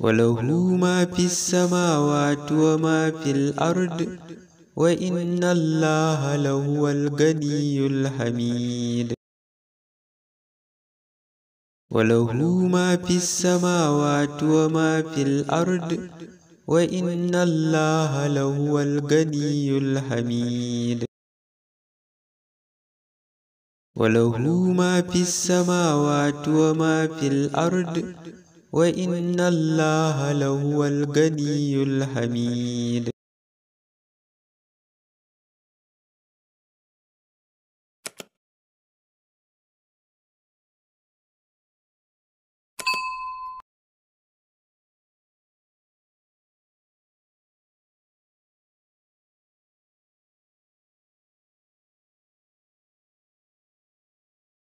وله ما في السماوات وما في الأرض وإن الله لهو الغني الحميد وله ما في السماوات وما في الأرض وإن الله لهو الغني الحميد وله ما في السماوات وما في الأرض وإن الله لهو الغني الحميد